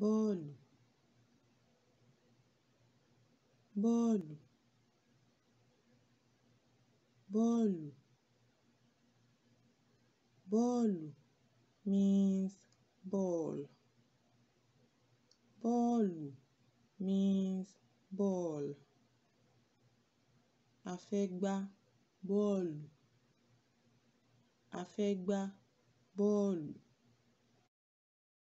bọ́ọ̀lù, bọ́ọ̀lù, bọ́ọ̀lù. Bọ́ọ̀lù means ball. Bọ́ọ̀lù means ball. A fẹ́ gbá bọ́ọ̀lù. A fẹ́ gbá bọ́ọ̀lù.